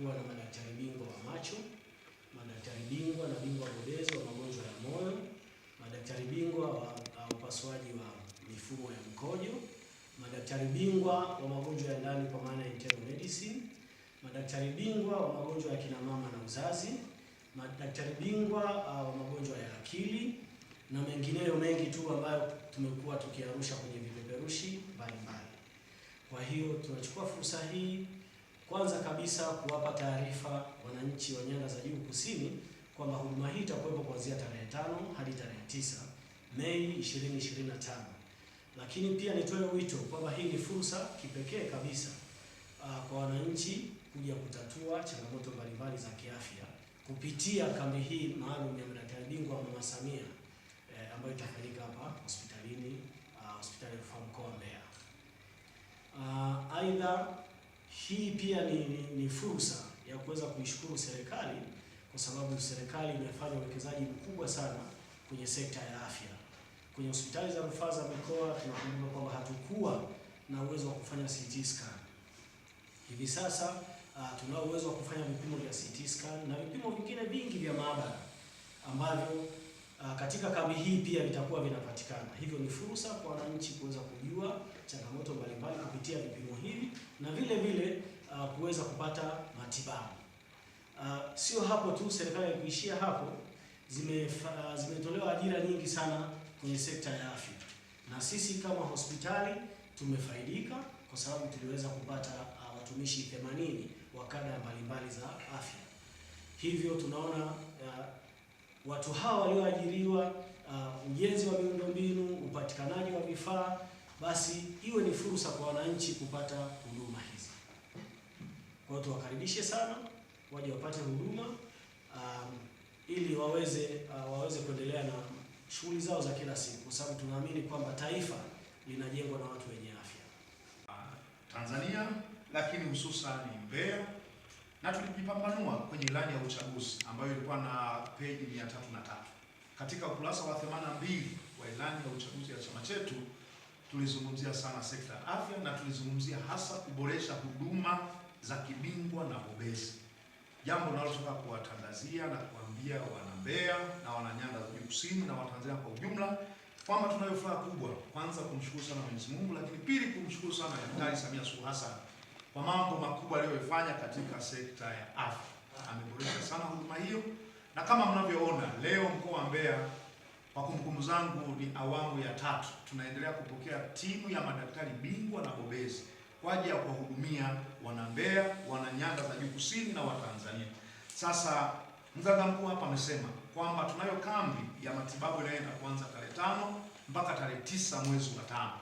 kuwa na madaktari bingwa wa macho, madaktari bingwa na bingwa bobezi wa magonjwa ya moyo, madaktari bingwa wa upasuaji wa mifumo ya mkojo, madaktari bingwa wa magonjwa ya ndani kwa maana ya internal medicine, madaktari bingwa wa magonjwa ya kina mama na uzazi, madaktari bingwa ah, wa magonjwa ya akili na mengineyo mengi tu ambayo tumekuwa tukiarusha kwenye vipeperushi mbalimbali. Kwa hiyo tunachukua fursa hii kwanza kabisa kuwapa taarifa wananchi wa nyanda za juu kusini kwamba huduma hii itakuwepo kuanzia tarehe tano hadi tarehe tisa Mei 2025. Lakini pia nitoe wito kwamba hii ni fursa kipekee kabisa uh, kwa wananchi kuja kutatua changamoto mbalimbali za kiafya kupitia kambi hii maalum ya madaktari bingwa wa Mama Samia eh, ambayo itafanyika hapa hospitalini uh, hospitali ya rufaa mkoa wa Mbeya. Uh, aidha uh, hii pia ni, ni, ni fursa ya kuweza kuishukuru serikali kwa sababu serikali imefanya uwekezaji mkubwa sana kwenye sekta ya afya. Kwenye hospitali za rufaa za mikoa tunakumbuka kwamba hatukuwa na uwezo wa kufanya CT scan. Hivi sasa uh, tunao uwezo wa kufanya vipimo vya CT scan na vipimo vingine vingi vya maabara ambavyo Ah, katika kambi hii pia vitakuwa vinapatikana. Hivyo ni fursa kwa wananchi kuweza kujua changamoto mbalimbali kupitia vipimo hivi na vile vile ah, kuweza kupata matibabu. Ah, sio hapo tu, serikali haikuishia hapo, zimetolewa ajira nyingi sana kwenye sekta ya afya, na sisi kama hospitali tumefaidika kwa sababu tuliweza kupata watumishi 80 wa kada mbalimbali za afya. Hivyo tunaona watu hawa walioajiriwa um, ujenzi wa miundombinu, upatikanaji wa vifaa, basi iwe ni fursa kwa wananchi kupata huduma hizi. Kwa hiyo tuwakaribishe sana waje wapate huduma um, ili waweze uh, waweze kuendelea na shughuli zao za kila siku, kwa sababu tunaamini kwamba taifa linajengwa na watu wenye afya Tanzania, lakini hususan Mbeya na tulijipambanua kwenye ilani ya uchaguzi ambayo ilikuwa na peji 303. Katika ukurasa wa 82 wa ilani ya uchaguzi ya chama chetu tulizungumzia sana sekta ya afya na tulizungumzia hasa kuboresha huduma za kibingwa na bobezi, jambo linalotoka kuwatangazia na kuambia wana Mbeya na wana Nyanda za Juu Kusini na Watanzania kwa ujumla kwamba tunayo furaha kubwa, kwanza kumshukuru sana Mwenyezi Mungu, lakini pili kumshukuru sana Daktari Samia Suluhu Hassan kwa mambo makubwa aliyoifanya katika sekta ya afya. Ameboresha sana huduma hiyo, na kama mnavyoona leo mkoa wa Mbeya, kwa kumbukumbu zangu, ni awamu ya tatu tunaendelea kupokea timu ya madaktari bingwa na bobezi kwa ajili ya kuwahudumia wanambea wana nyanda za juu kusini na Watanzania. Sasa mganga mkuu hapa amesema kwamba tunayo kambi ya matibabu inayoenda kuanza tarehe tano mpaka tarehe tisa mwezi wa tano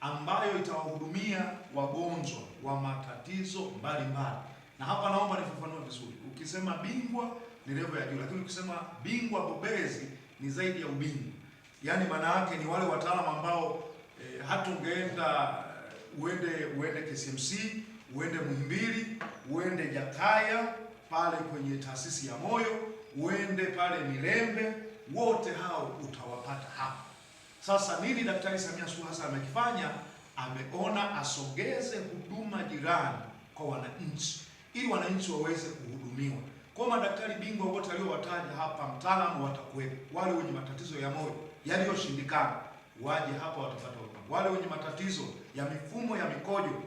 ambayo itawahudumia wagonjwa wa matatizo mbalimbali. Na hapa naomba nifafanue vizuri. Ukisema bingwa ni level ya juu, lakini ukisema bingwa bobezi ni zaidi ya ubingwa. Yaani maana yake ni wale wataalamu ambao e, eh, hata ungeenda eh, uende uende KCMC, uende Muhimbili, uende Jakaya pale kwenye taasisi ya moyo, uende pale Milembe, wote hao utawapata hapa. Sasa nini Daktari Samia Suluhu Hassan amekifanya? Ameona asogeze huduma jirani kwa wananchi ili wananchi waweze kuhudumiwa. Kwa madaktari bingwa wote aliowataja hapa, mtaalamu watakuwepo. Wale wenye matatizo ya moyo yaliyoshindikana waje hapa, watapata huduma. Wale wenye matatizo ya mifumo ya mikojo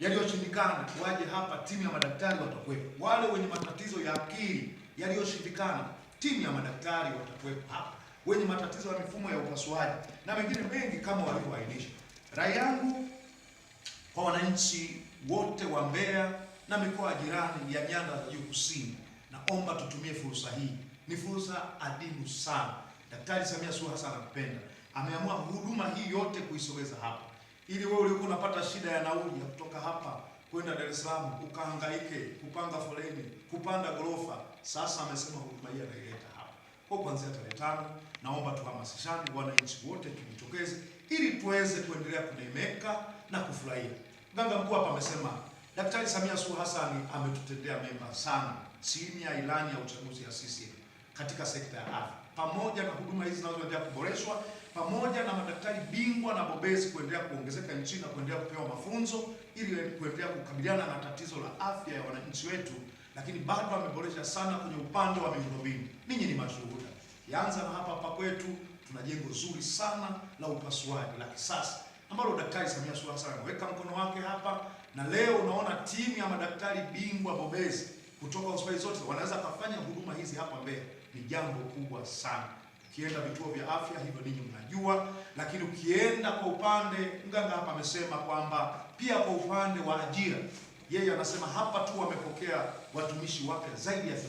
yaliyoshindikana waje hapa, timu ya madaktari watakuwepo. Wale wenye matatizo ya akili yaliyoshindikana, timu ya madaktari watakuwepo hapa wenye matatizo ya mifumo ya upasuaji na mengine mengi kama walivyoainisha. Rai yangu kwa wananchi wote wa Mbeya na mikoa jirani ya nyanda za juu kusini, naomba tutumie fursa hii. Ni fursa adimu sana. Daktari Samia Suluhu Hassan anakupenda, ameamua huduma hii yote kuisogeza hapa, ili wewe uliokuwa unapata shida ya nauli ya kutoka hapa kwenda Dar es Salaam ukahangaike kupanga foleni kupanda gorofa sasa amesema huduma hii anaileta kwa kuanzia tarehe tano. Naomba tuhamasishane, wananchi wote tujitokeze, ili tuweze kuendelea kunemeka na kufurahia. Mganga mkuu hapa amesema Daktari Samia Suluhu Hassan ametutendea mema sana chini ya ilani ya uchaguzi ya CCM katika sekta ya afya, pamoja na huduma hizi zinazoendelea kuboreshwa, pamoja na madaktari bingwa na bobezi kuendelea kuongezeka nchini na kuendelea kupewa mafunzo ili kuendelea kukabiliana na tatizo la afya ya wananchi wetu, lakini bado ameboresha sana kwenye upande wa miundombinu. Ninyi ni mashuhuda, yaanza na hapa hapa kwetu tuna jengo zuri sana la upasuaji la kisasa ambalo Daktari Samia Suluhu Hassan ameweka mkono wake hapa, na leo unaona timu ya madaktari bingwa bobezi kutoka hospitali zote wanaweza kufanya huduma hizi hapa mbele. Ni jambo kubwa sana. Ukienda vituo vya afya hivyo ninyi mnajua, lakini ukienda kwa upande mganga hapa amesema kwamba pia kwa upande wa ajira, yeye anasema hapa tu wamepokea watumishi wapya zaidi ya 80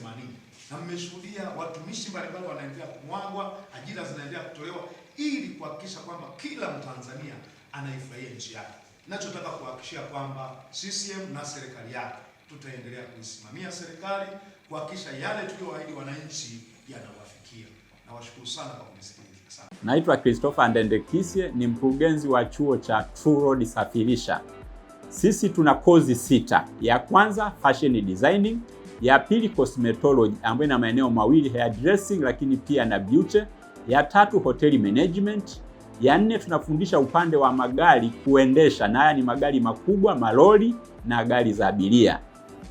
na mmeshuhudia watumishi mbalimbali wanaendelea kumwagwa, ajira zinaendelea kutolewa ili kuhakikisha kwamba kila Mtanzania anaifurahia nchi yake. Ninachotaka kuhakikishia kwamba CCM na serikali yake tutaendelea kuisimamia serikali kuhakikisha yale tuliyowaahidi wananchi yanawafikia. Nawashukuru sana kwa kunisikiliza. Naitwa Christopher Ndendekisye, ni mkurugenzi wa chuo cha True Road Safirisha. Sisi tuna kozi sita. Ya kwanza fashion designing, ya pili cosmetology ambayo ina maeneo mawili hair dressing, lakini pia na beauty. Ya tatu hoteli management, ya nne tunafundisha upande wa magari kuendesha, na haya ni magari makubwa, malori na gari za abiria